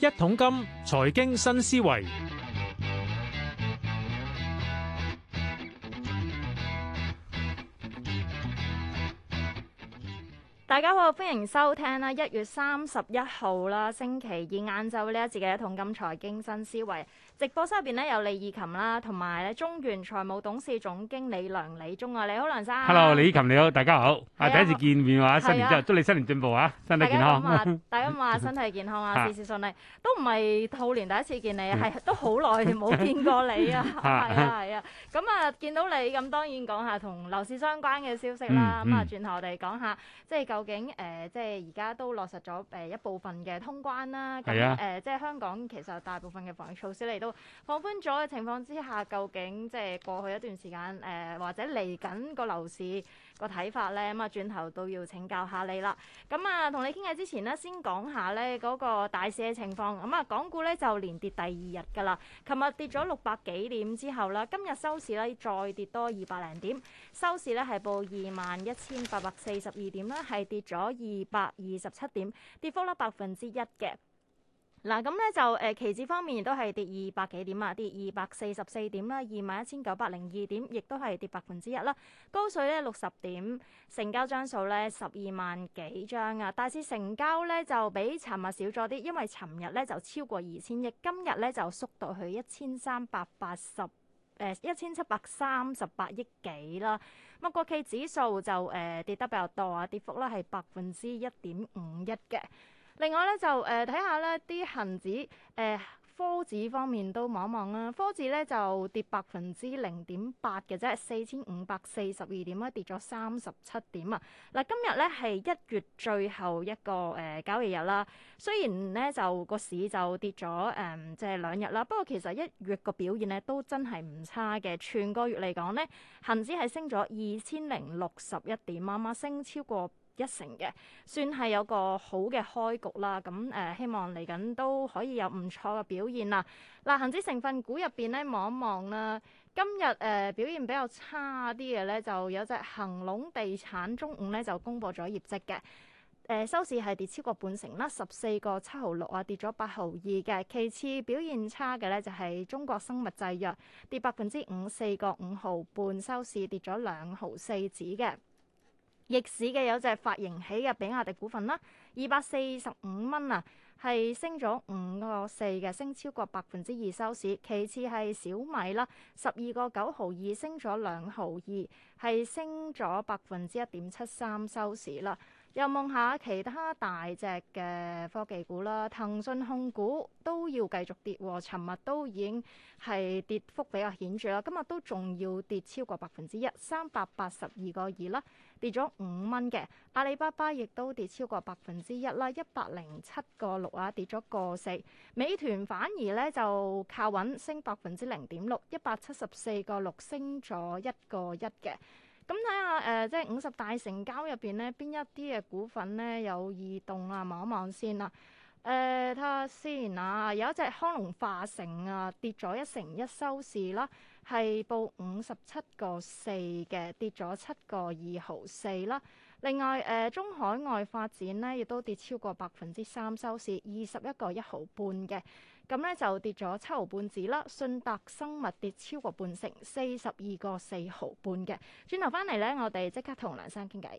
一桶金，財經新思維。大家好，歡迎收聽啦，一月三十一號啦，星期二晏晝呢一次嘅一桶金財經新思維直播室入邊咧，有李義琴啦，同埋咧中原財務董事總經理梁理中啊，你好梁生。Hello，李義琴你好，大家好。啊，第一次見面話新年之後，祝你新年進步啊，身體健康。大家話，大家話身體健康啊，事事順利。都唔係兔年第一次見你，係都好耐冇見過你啊，係啊係啊。咁啊見到你咁，當然講下同樓市相關嘅消息啦。咁啊，轉頭我哋講下即係究。究竟誒、呃，即係而家都落實咗誒、呃、一部分嘅通關啦，咁誒是、啊呃，即係香港其實大部分嘅防疫措施你都放寬咗嘅情況之下，究竟即係過去一段時間，誒、呃，或者嚟緊個樓市個睇法咧，咁啊，轉頭都要請教下你啦。咁、嗯、啊，同你傾偈之前呢，先講下咧嗰個大市嘅情況。咁、嗯、啊，港股咧就連跌第二日㗎啦。琴日跌咗六百幾點之後啦，今日收市咧再跌多二百零點，收市咧係報二萬一千八百四十二點啦，係跌咗二百二十七點，跌幅咧百分之一嘅。嗱，咁咧、啊、就誒期指方面都係跌二百幾點啊，跌二百四十四點啦、啊，二萬一千九百零二點，亦都係跌百分之一啦。高水咧六十點，成交張數咧十二萬幾張啊。大市成交咧就比尋日少咗啲，因為尋日咧就超過二千億，今日咧就縮到去一千三百八十誒一千七百三十八億幾啦。咁啊，國企指數就誒、呃、跌得比較多啊，跌幅咧係百分之一點五一嘅。另外咧就誒睇下咧啲恒指誒、呃、科指方面都望一望啦。科指咧就跌百分之零點八嘅啫，四千五百四十二點啊，跌咗三十七點啊。嗱、呃，今日咧係一月最後一個誒、呃、交易日啦。雖然咧就個市就跌咗誒即係兩日啦，不過其實一月個表現咧都真係唔差嘅。全個月嚟講咧，恒指係升咗二千零六十一點啱啱升超過。一成嘅，算係有個好嘅開局啦。咁誒、呃，希望嚟緊都可以有唔錯嘅表現啦。嗱、呃，恆指成分股入邊咧，望一望啦，今日誒、呃、表現比較差啲嘅咧，就有隻恒隆地產中午咧就公佈咗業績嘅，誒、呃、收市係跌超過半成啦，十四個七毫六啊，跌咗八毫二嘅。其次表現差嘅咧，就係、是、中國生物製藥，跌百分之五，四個五毫半，收市跌咗兩毫四子嘅。逆市嘅有隻發型起嘅比亞迪股份啦，二百四十五蚊啊，係升咗五個四嘅，升超過百分之二收市。其次係小米啦，十二個九毫二升咗兩毫二，係升咗百分之一點七三收市啦。又望下其他大隻嘅科技股啦，騰訊控股都要繼續跌喎，尋日都已經係跌幅比較顯著啦，今日都仲要跌超過百分之一，三百八十二個二啦。跌咗五蚊嘅阿里巴巴亦都跌超過百分之一啦，一百零七個六啊，跌咗個四。美團反而咧就靠穩升百分之零點六，一百七十四個六升咗一個一嘅。咁睇下誒，即係五十大成交入邊呢邊一啲嘅股份呢？有異動啊？望一望先啦。誒睇下先啊，有一隻康龍化成啊，跌咗一成一收市啦。係報五十七個四嘅，跌咗七個二毫四啦。另外，誒、呃、中海外發展呢亦都跌超過百分之三，收市二十一個一毫半嘅，咁呢就跌咗七毫半紙啦。信達生物跌超過半成，四十二個四毫半嘅。轉頭返嚟呢，我哋即刻同梁生傾偈。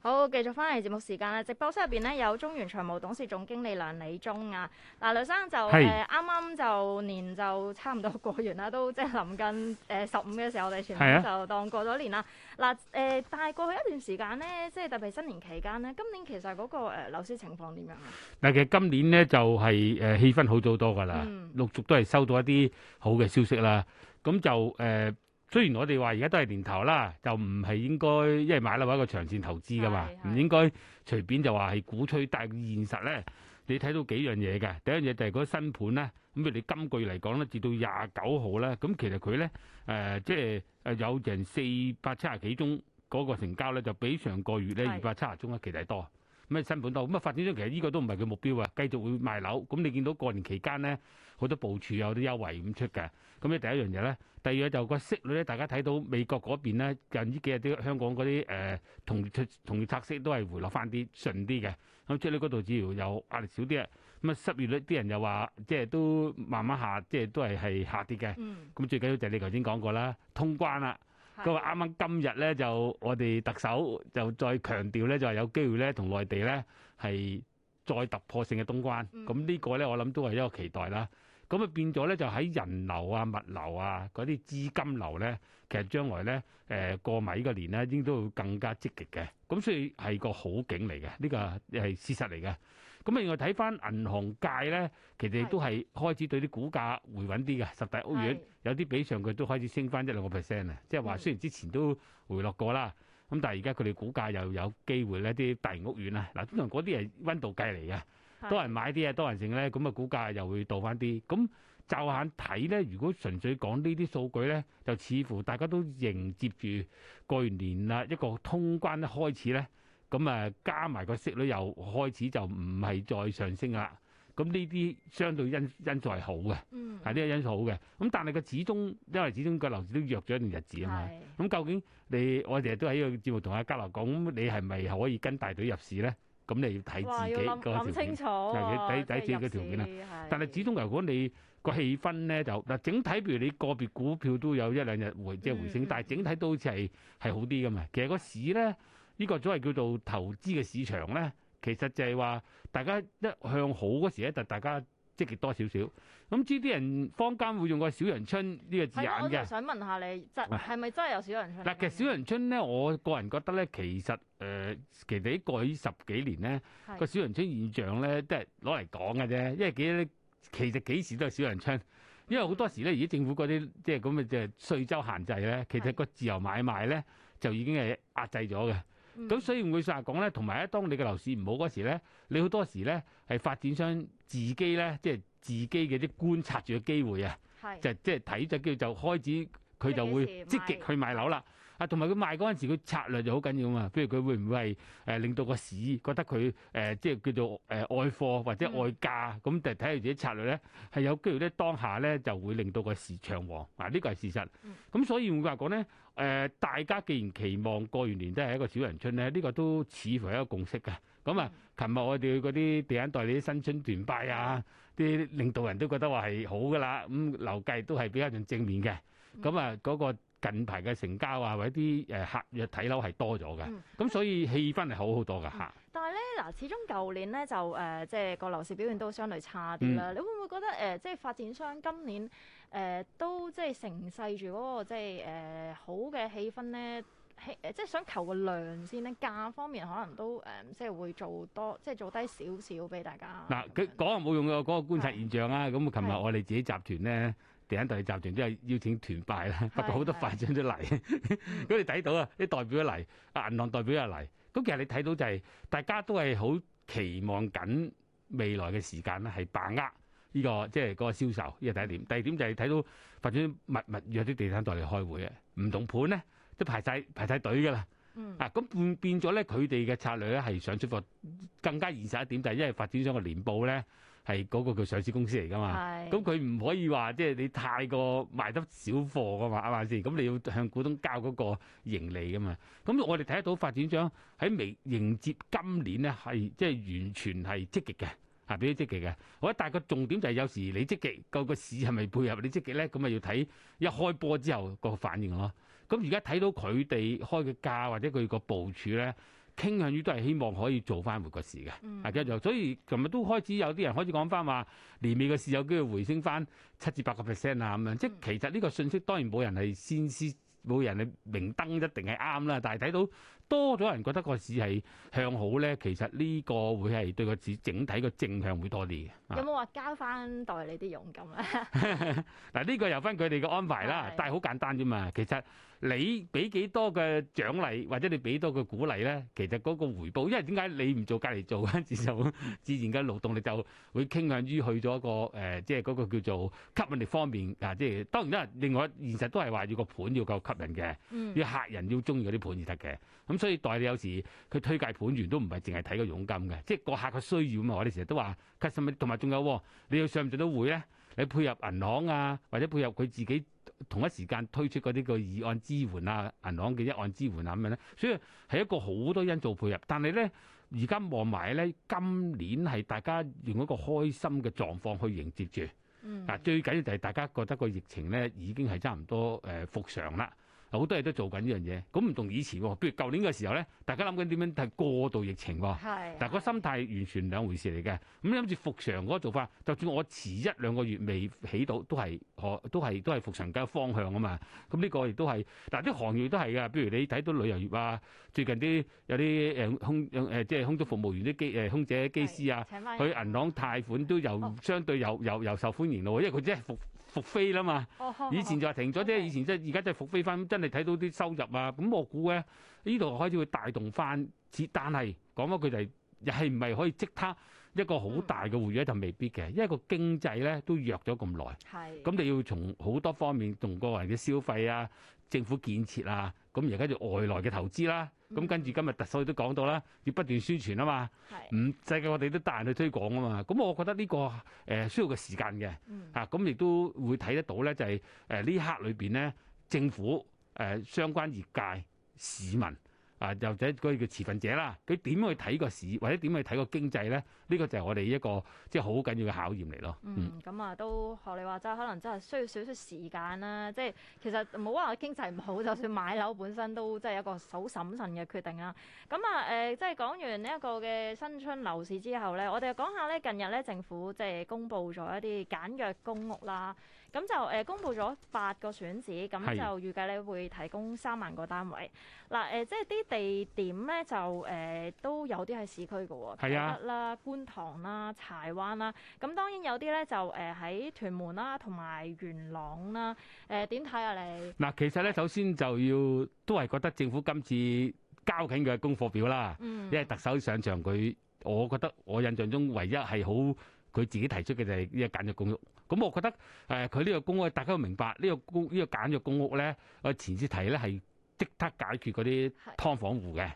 好，繼續翻嚟節目時間咧，直播室入邊咧有中原財務董事總經理梁理中啊。嗱，梁生就誒，啱啱就年就差唔多過完啦，都即係臨近誒十五嘅時候，我哋全部就當過咗年啦。嗱，誒，但係過去一段時間咧，即係特別新年期間咧，今年其實嗰個誒樓市情況點樣啊？嗱，其實今年咧就係誒氣氛好咗好多噶啦，陸續都係收到一啲好嘅消息啦，咁就誒。雖然我哋話而家都係年頭啦，就唔係應該因為買樓係一個長線投資噶嘛，唔是應該隨便就話係鼓吹。但係現實咧，你睇到幾樣嘢嘅，第一樣嘢就係嗰個新盤咧。咁譬如你今個月嚟講咧，至到廿九號咧，咁其實佢咧誒，即係有人四百七十幾宗嗰個成交咧，就比上個月咧二百七十宗其實係多。咩新盤多咁啊？發展商其實呢個都唔係佢目標啊！繼續會賣樓。咁你見到過年期間咧，好多部署有啲優惠咁出嘅。咁咧第一樣嘢咧，第二就個息率咧，大家睇到美國嗰邊咧近呢幾日啲香港嗰啲誒同出同拆息都係回落翻啲順啲嘅。咁出嚟嗰度只要有壓力少啲啊。咁啊，失業率啲人又話，即係都慢慢下，即係都係係下跌嘅。咁、嗯、最緊要就係你頭先講過啦，通關啦。咁啱啱今日咧就我哋特首就再強調咧，就係有機會咧同內地咧係再突破性嘅東關。咁呢個咧，我諗都係一個期待啦。咁啊變咗咧，就喺人流啊、物流啊、嗰啲資金流咧，其實將來咧誒、呃、過埋呢個年咧，應該都會更加積極嘅。咁所以係個好景嚟嘅，呢、呢個係事實嚟嘅。咁另外睇翻銀行界咧，其實都係開始對啲股價回穩啲嘅，是的 十大屋苑有啲比上佢都開始升翻一兩個 percent 啊！即係話雖然之前都回落過啦，咁但係而家佢哋股價又有機會咧，啲大型屋苑啊，嗱通常嗰啲係温度計嚟嘅，是的 多人買啲啊，多人性咧，咁啊股價又會到翻啲。咁就眼睇咧，如果純粹講呢啲數據咧，就似乎大家都迎接住過完年啦一個通關開始咧。咁誒加埋個息率又開始就唔係再上升啦。咁呢啲相對因素、嗯、因素係好嘅，係呢個因素好嘅。咁但係佢始終因為始終個樓市都弱咗一段日子啊嘛。咁是、嗯、究竟你我哋都喺個節目同阿嘉樂講，咁你係咪可以跟大隊入市咧？咁你要睇自己個條件，睇睇自己嘅條件啦。但係始終如果你個氣氛咧就嗱，整體譬如你個別股票都有一兩日回即係、就是、回升，嗯、但係整體都好似係係好啲嘅嘛。其實個市咧。呢個所謂叫做投資嘅市場咧，其實就係話大家一向好嗰時咧，就大家積極多少少。咁知啲人坊間會用個小陽春呢個字眼嘅。我就想問下你，啊、係係真係咪真係有小陽春？嗱，其實小陽春咧，我個人覺得咧，其實誒、呃，其實啲過去十幾年咧，個是小陽春現象咧，都係攞嚟講嘅啫。因為幾其實幾時都係小陽春，因為好多時咧，而家政府嗰啲即係咁嘅稅收限制咧，其實個自由買賣咧就已經係壓制咗嘅。咁所以唔會實講咧，同埋咧，當你嘅樓市唔好嗰時咧，你好多時咧係發展商自己咧，即係自己嘅啲觀察住嘅機會啊，是 就即係睇咗機會就開始，佢就會積極去買樓啦。啊，同埋佢賣嗰陣時，佢策略就好緊要啊！譬如佢會唔會係誒、呃、令到個市覺得佢誒、呃、即係叫做誒愛貨或者愛價咁？就睇佢自己策略咧，係有機會咧，當下咧就會令到個市場旺啊！呢個係事實。咁所以會話講咧，誒、呃、大家既然期望過完年都係一個小人春咧，呢、這個都似乎係一個共識嘅。咁啊，琴日我哋去嗰啲地產代理啲新春團拜啊，啲領導人都覺得話係好噶啦，咁、嗯、樓計都係比較仲正面嘅。咁啊，嗰、那個。近排嘅成交啊，或者啲誒客約睇樓係多咗嘅，咁所以氣氛係好好多㗎吓。但係咧嗱，始終舊年咧就誒，即係個樓市表現都相對差啲啦。你會唔會覺得誒，即係發展商今年誒都即係乘勢住嗰個即係誒好嘅氣氛咧？氣誒即係想求個量先咧，價方面可能都誒即係會做多，即係做低少少俾大家。嗱，佢講又冇用嘅，嗰個觀察現象啊。咁我琴日我哋自己集團咧。地產代理集團都係要錢團敗啦，不過好多發展商都嚟，咁你睇到啊，啲代表嚟，阿銀行代表又嚟，咁其實你睇到就係大家都係好期望緊未來嘅時間咧，係把握呢個即係嗰個銷售，呢個第一點。第二點就係睇到發展密密約啲地產代理開會啊，唔同盤咧都排曬排曬隊㗎啦。啊，咁變變咗咧，佢哋嘅策略咧係想出個更加現實一點，就係因為發展商嘅年報咧。係嗰個叫上市公司嚟㗎嘛，咁佢唔可以話即係你太過賣得少貨㗎嘛，啱唔啱先？咁你要向股東交嗰個盈利㗎嘛。咁我哋睇得到發展商喺未迎接今年咧，係即係完全係積極嘅，係比較積極嘅。好，但大個重點就係有時你積極個個市係咪配合你積極咧？咁咪要睇一開波之後個反應咯。咁而家睇到佢哋開嘅價或者佢個部署咧。傾向於都係希望可以做翻回個市嘅，啊繼續，所以琴日都開始有啲人開始講翻話年尾嘅市有機會回升翻七至八個 percent 啊咁樣，即係、就是、其實呢個信息當然冇人係先知，冇人係明燈一定係啱啦，但係睇到。多咗人覺得個市係向好咧，其實呢個會係對個市整體個正向會多啲嘅。有冇話交翻代理啲佣金啊？嗱，呢個由翻佢哋嘅安排啦，是但係好簡單啫嘛。其實你俾幾多嘅獎勵，或者你俾多個鼓勵咧，其實嗰個回報，因為點解你唔做隔離做，跟住就自然嘅勞動力就會傾向於去咗一個誒、呃，即係嗰個叫做吸引力方面啊。即係當然啦，另外現實都係話要個盤要夠吸引嘅，要客人要中意嗰啲盤至得嘅。咁所以代理有時佢推介盤源都唔係淨係睇個佣金嘅，即係個客嘅需要啊嘛！我哋成日都話，吉心咪同埋仲有喎，你要上唔上到會咧？你配合銀行啊，或者配合佢自己同一時間推出嗰啲個二按支援啊、銀行嘅一按支援啊咁樣咧，所以係一個好多因素配合。但係咧，而家望埋咧，今年係大家用一個開心嘅狀況去迎接住，嗱、嗯、最緊要就係大家覺得個疫情咧已經係差唔多誒復常啦。好多嘢都做緊呢樣嘢，咁唔同以前喎。譬如舊年嘅時候咧，大家諗緊點樣係過渡疫情喎。係。係。但係個心態完全兩回事嚟嘅。咁諗住復常嗰個做法，就算我遲一兩個月未起到，都係可，都係都係復常嘅方向啊嘛。咁、這、呢個亦都係，嗱啲行業都係嘅。譬如你睇到旅遊業啊，最近啲有啲誒空誒即係空姐、空中服務員啲機誒空姐機、機師啊，去銀行貸款都有相對又又又受歡迎咯，因為佢即係復。復飛啦嘛！以前就話停咗啫，Okay. 以前即係而家即係復飛翻，真係睇到啲收入啊！咁我估咧，呢度開始會大動翻，只但係講翻佢哋，又係唔係可以即刻。一個好大嘅回應就未必嘅，因為個經濟咧都弱咗咁耐，咁是你要從好多方面，同個人嘅消費啊、政府建設啊，咁而家就外來嘅投資啦、啊，咁跟住今日特首都講到啦，要不斷宣傳啊嘛，唔使嘅，我哋都大力去推廣啊嘛，咁我覺得呢個誒需要個時間嘅，嚇咁亦都會睇得到咧，就係、是、誒、呃、呢刻裏邊咧，政府誒、呃、相關業界市民。啊，又者嗰叫持份者啦，佢點去睇個市，或者點去睇個經濟咧？呢個就係我哋一個即係好緊要嘅考驗嚟咯。嗯，咁、嗯、啊，都學你話齋，可能真係需要少少時間啦、啊。即係其實冇話經濟唔好，就算買樓本身都即係一個好審慎嘅決定啦。咁啊，誒、啊呃，即係講完呢一個嘅新春樓市之後咧，我哋講下咧，近日咧政府即係公布咗一啲簡約公屋啦。咁就誒、呃、公布咗八個選址，咁就預計你會提供三萬個單位。嗱誒的、呃，即係啲地點咧就誒、呃、都有啲喺市區嘅喎，的北啦、觀塘啦、柴灣啦。咁當然有啲咧就誒喺、呃、屯門啦，同埋元朗啦。誒點睇啊你？你嗱，其實咧首先就要都係覺得政府今次交緊佢嘅功課表啦。嗯、因為特首上場佢，我覺得我印象中唯一係好。佢自己提出嘅就係呢個簡約公屋，咁我覺得誒佢呢個公屋，大家要明白呢個公呢個簡約公屋咧，我前次睇咧係即刻解決嗰啲㓥房戶嘅，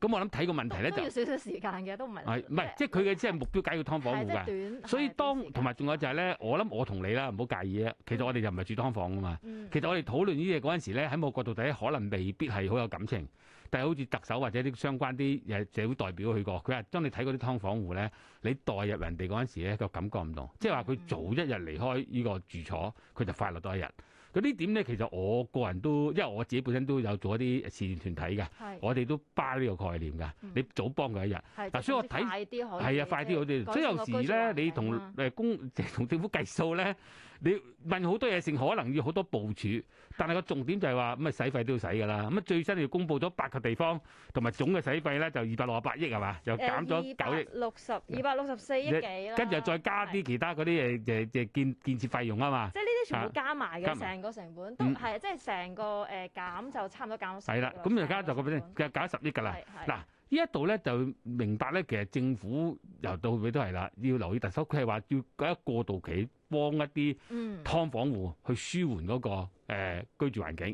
咁是我諗睇個問題咧就都要少少時間嘅，都唔係係唔係即係佢嘅即係目標解決㓥房戶㗎，所以當同埋仲有就係、是、咧，我諗我同你啦，唔好介意啊，其實我哋就唔係住劏房㗎嘛，嗯嗯、其實我哋討論呢嘢嗰陣時咧，喺某個角度睇可能未必係好有感情。但係好似特首或者啲相關啲誒社會代表去過，佢話：當你睇嗰啲劏房戶咧，你代入人哋嗰陣時咧個感覺唔同。即係話佢早一日離開呢個住所，佢就快樂多一日。咁呢點咧，其實我個人都因為我自己本身都有做一啲慈善團體嘅，是我哋都包呢個概念㗎。是你早幫佢一日嗱，是所以我睇係啊快啲好啲。是所以有時咧，你同誒公同政府計數咧，你問好多嘢先可能要好多部署。但係個重點就係話，咁啊使費都要使㗎啦。咁啊最新要公布咗八個地方，同埋總嘅使費咧就，就、嗯、二百六十八億係嘛？就減咗九億六十二百六十四億幾啦。跟住再加啲其他嗰啲誒誒誒建建設費用啊嘛。即係呢啲全部加埋嘅成個成本、嗯、都係，即係成個誒減就差唔多減咗十。係啦的，咁而家就咁先，其實減咗十億㗎啦。嗱，呢一度咧就明白咧，其實政府由到尾都係啦，要留意特首，佢係話要搞一個過渡期。幫一啲劏房戶去舒緩嗰，那個、呃、居住環境。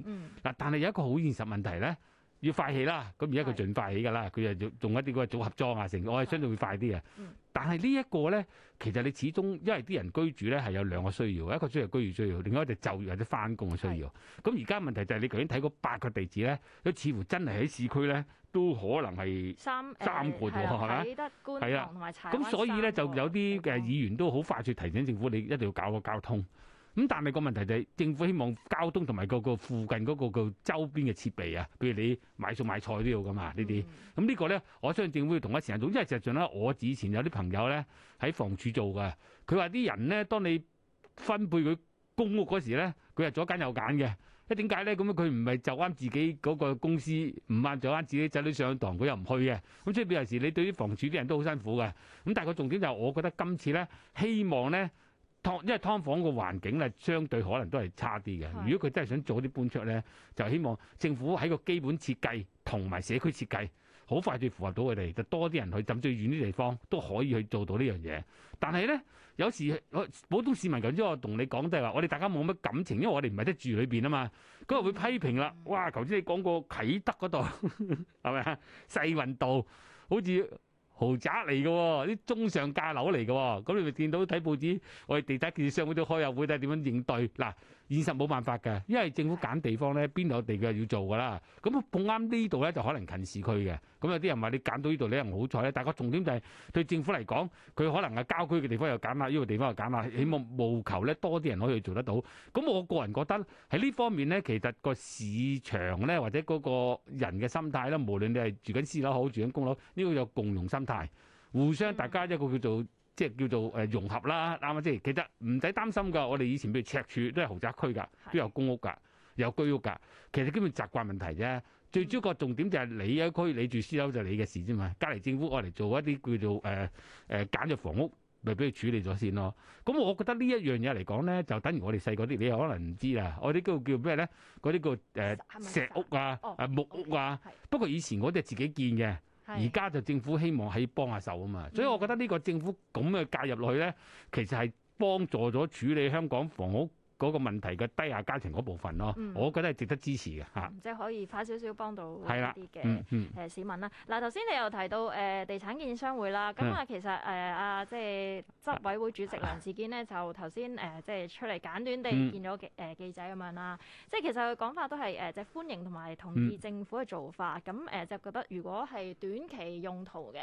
嗱、嗯，但係有一個好現實問題咧，要快起啦。咁而家佢盡快起㗎啦，佢又是用一啲嘅組合裝啊，成我係相對會快啲嘅。是嗯但係呢一個咧，其實你始終因為啲人居住咧係有兩個需要，一個需要居住需要，另外一個就業或者翻工嘅需要。咁而家問題就係你頭先睇嗰八個地址咧，都似乎真係喺市區咧都可能係三三個喎，係咪？係、呃、睇得到觀塘同埋柴灣山。咁所以咧就有啲嘅議員都好快脆提醒政府，你一定要搞個交通。咁但係個問題就係政府希望交通同埋個附近嗰個周邊嘅設備啊，譬如你買餸買菜都要噶嘛呢啲。咁呢個咧，我相信政府要同佢商量。總之係實在咧，我以前有啲朋友咧喺房署做嘅，佢話啲人咧，當你分配佢公屋嗰時咧，佢係左揀右揀嘅。一點解咧？咁樣佢唔係就啱自己嗰個公司，唔啱就啱自己仔女上堂，佢又唔去嘅。咁所以有時你對啲房署啲人都好辛苦嘅。咁但係個重點就係，我覺得今次咧，希望咧。因為劏房個環境咧，相對可能都係差啲嘅。如果佢真係想做啲搬出咧，就希望政府喺個基本設計同埋社區設計好快就符合到佢哋，就多啲人去浸最遠啲地方都可以去做到樣呢樣嘢。但係咧，有時普通市民咁，即、頭先、我同你講，即係話我哋大家冇乜感情，因為我哋唔係得住裏邊啊嘛，咁啊會批評啦。哇，頭先你講個啟德嗰度係咪啊？世 運道好似～豪宅嚟嘅喎，啲中上價樓嚟嘅喎，咁你咪見到睇報紙，我哋地產建設商會都開下會睇點樣應對。嗱，現實冇辦法嘅，因為政府揀地方咧，邊度有地就要做㗎啦，咁碰啱呢度咧就可能近市區嘅。咁有啲人話你揀到呢度你唔好彩咧，但係個重點就係、是、對政府嚟講，佢可能係郊區嘅地方又揀啦，呢、這個地方又揀啦，希望務求咧多啲人可以做得到。咁我個人覺得喺呢方面咧，其實個市場咧或者嗰個人嘅心態咧，無論你係住緊私樓好住緊公樓，呢、這個有共融心態，互相大家一個叫做即係、嗯、叫做誒融合啦，啱唔啱先？就是、其實唔使擔心噶，我哋以前譬如赤柱都係豪宅區噶，都有公屋噶，有居屋噶，其實基本習慣問題啫。最主要個重點就係你一區你住私樓就你嘅事啫嘛，隔離政府我嚟做一啲叫做誒誒簡約房屋，咪俾佢處理咗先咯。咁、嗯、我覺得呢一樣嘢嚟講咧，就等於我哋細個啲，你可能唔知啊。我啲叫叫咩咧？嗰啲叫誒石屋啊，木屋啊。哦、okay，不過以前我哋自己建嘅，而家是就政府希望可以幫下手啊嘛。所以我覺得呢個政府咁嘅介入落去咧，其實係幫助咗處理香港房屋。嗰個問題嘅低下家庭嗰部分咯，嗯、我覺得係值得支持嘅嚇，即係、嗯就是、可以快少少幫到啲嘅誒市民啦。嗱，頭、嗯、先、嗯、你又提到誒地產建商會啦，咁啊、嗯、其實誒阿即係執委會主席梁志堅呢，嗯、就頭先誒即係出嚟簡短地見咗誒記者咁樣啦。即係、嗯、其實佢講法都係誒即係歡迎同埋同意政府嘅做法，咁誒、嗯、就覺得如果係短期用途嘅，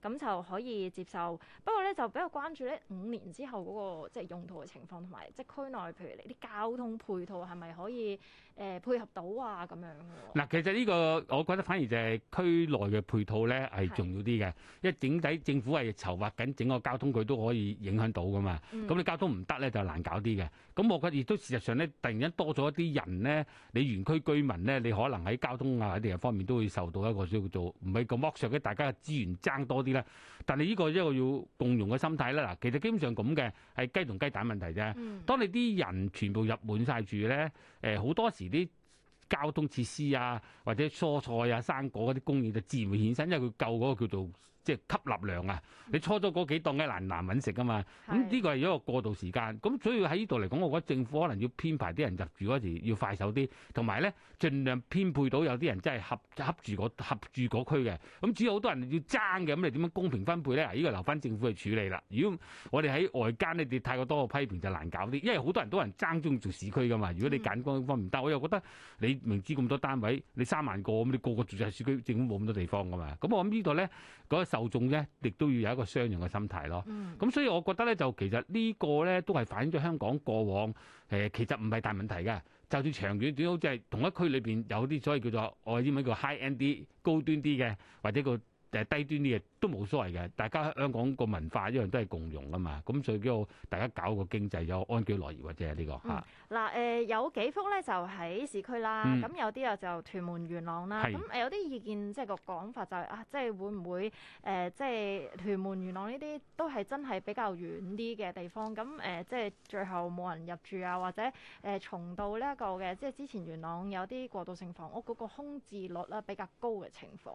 咁就可以接受。不過咧就比較關注咧五年之後嗰個即係用途嘅情況同埋即係區內譬如。啲交通配套係咪可以？誒、呃、配合到啊咁樣嗱，其實呢個我覺得反而就係區內嘅配套咧係重要啲嘅，是因為整體政府係籌劃緊整個交通，佢都可以影響到噶嘛。咁、嗯、你交通唔得咧，就難搞啲嘅。咁我覺得亦都事實上咧，突然間多咗一啲人咧，你園區居民咧，你可能喺交通啊，喺地方面都會受到一個叫做唔係咁剝削嘅，大家嘅資源爭多啲咧。但係呢個一個要共融嘅心態啦。嗱，其實基本上咁嘅係雞同雞蛋問題啫。當你啲人全部入滿晒住咧，誒好多時。啲交通設施啊，或者蔬菜啊、生果嗰啲供應就自然會衍生，因為佢夠嗰個叫做。即係吸納量啊！你初咗嗰幾檔嘅難難揾食噶嘛，咁呢個係一個過渡時間。咁所以喺呢度嚟講，我覺得政府可能要編排啲人入住嗰時要快手啲，同埋咧盡量編配到有啲人真係合合住嗰合住嗰區嘅。咁只要好多人要爭嘅，咁你點樣公平分配咧？呢、這個留翻政府去處理啦。如果我哋喺外間，你哋太過多嘅批評就難搞啲，因為好多人都人爭中住做市區噶嘛。如果你揀光呢方面，但、嗯、我又覺得你明知咁多單位，你三萬個咁，你個個住喺市區，政府冇咁多地方噶嘛。咁我諗呢度咧嗰受眾咧，亦都要有一個相同嘅心態咯。咁、mm. 嗯、所以，我覺得咧，就其實個呢個咧，都係反映咗香港過往誒，其實唔係大問題嘅。就算長遠點，好似係同一區裏邊有啲，所謂叫做我英文叫 high end 啲、高端啲嘅，或者個誒低端啲嘅。都冇所謂嘅，大家香港個文化一樣都係共融噶嘛，咁所以叫大家搞個經濟有安居樂業或者，呢、這個嚇。嗱誒、嗯嗯啊，有幾幅咧就喺市區啦，咁、嗯、有啲又就屯門元朗啦，咁誒是有啲意見即係、就是、個講法就係、是、啊，即係會唔會誒、呃、即係屯門元朗呢啲都係真係比較遠啲嘅地方，咁誒、呃、即係最後冇人入住啊，或者誒重到呢、這、一個嘅，即係之前元朗有啲過渡性房屋嗰個空置率啦，比較高嘅情況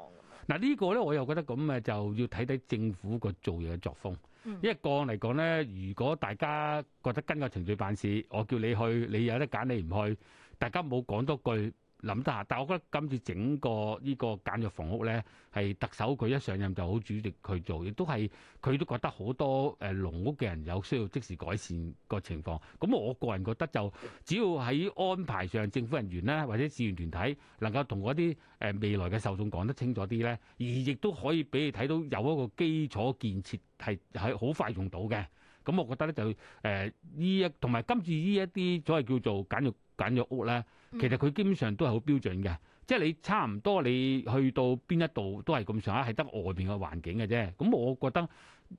嗱、啊啊這個、呢個咧我又覺得咁誒就。要睇睇政府個做嘢嘅作風，嗯、一個案嚟講咧，如果大家覺得跟個程序辦事，我叫你去，你有得揀，你唔去，大家冇講多句。諗得吓！但係我覺得今次整個呢個簡約房屋咧，係特首佢一上任就好主席去做，亦都係佢都覺得好多誒農屋嘅人有需要即時改善個情況。咁我個人覺得就，只要喺安排上政府人員咧，或者志願團體能夠同嗰啲誒未來嘅受眾講得清楚啲咧，而亦都可以俾你睇到有一個基礎建設係喺好快用到嘅。咁我覺得咧就誒呢一，同、呃、埋今次呢一啲所謂叫做簡約簡約屋咧。其實佢基本上都係好標準嘅，即係你差唔多你去到邊一度都係咁上下，係得外邊嘅環境嘅啫。咁我覺得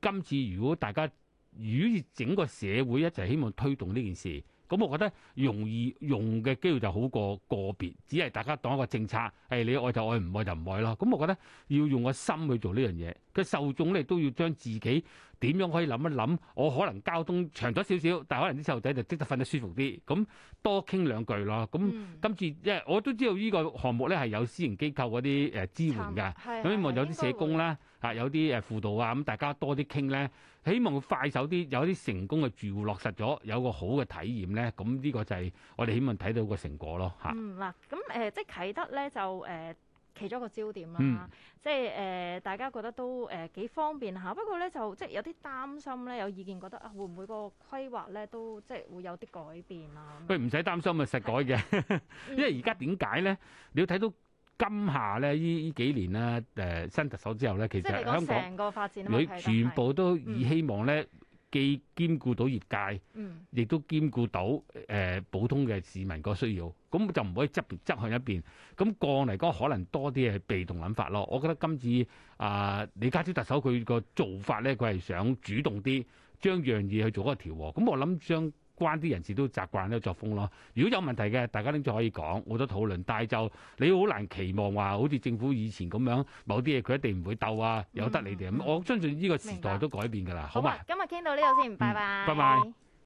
今次如果大家如果整個社會一齊希望推動呢件事。咁、嗯、我覺得容易用嘅機會就好過個別，只係大家當一個政策，誒、哎、你愛就愛，唔愛就唔愛咯。咁、嗯嗯嗯、我覺得要用個心去做呢樣嘢，佢受眾咧都要將自己點樣可以諗一諗，我可能交通長咗少少，但係可能啲細路仔就即刻瞓得舒服啲，咁、嗯嗯、多傾兩句咯。咁、嗯嗯、今次即係我都知道呢個項目咧係有私營機構嗰啲誒支援嘅，咁、嗯嗯、希望有啲社工啦。有啲誒輔導啊，咁大家多啲傾咧，希望會快手啲有啲成功嘅住戶落實咗，有個好嘅體驗咧，咁呢個就係我哋希望睇到個成果咯嚇。嗯，嗱，咁、呃、誒即係啟德咧，就誒、呃、其中一個焦點啦，嗯、即係誒、呃、大家覺得都誒、呃、幾方便嚇。不過咧就即係有啲擔心咧，有意見覺得啊，會唔會個規劃咧都即係會有啲改變啊？誒唔使擔心啊，實改嘅，因為而家點解咧？你要睇到。今夏咧，呢呢幾年咧，誒、呃、新特首之後咧，其實香港成個發展佢全部都以希望咧，嗯、既兼顧到業界，嗯、亦都兼顧到誒、呃、普通嘅市民個需要，咁、嗯嗯、就唔可以側側向一邊。咁過嚟講，可能多啲係被動諗法咯。我覺得今次啊、呃，李家超特首佢個做法咧，佢係想主動啲，將樣嘢去做一個調和。咁我諗將。關啲人士都習慣呢個作風咯。如果有問題嘅，大家拎咗可以講，我都討論。但係就你好難期望話，好似政府以前咁樣，某啲嘢佢一定唔會鬥啊，嗯、有得你哋。我相信呢個時代都改變㗎啦。好嘛吧，今日傾到呢度先，拜拜。拜拜、嗯。Bye bye。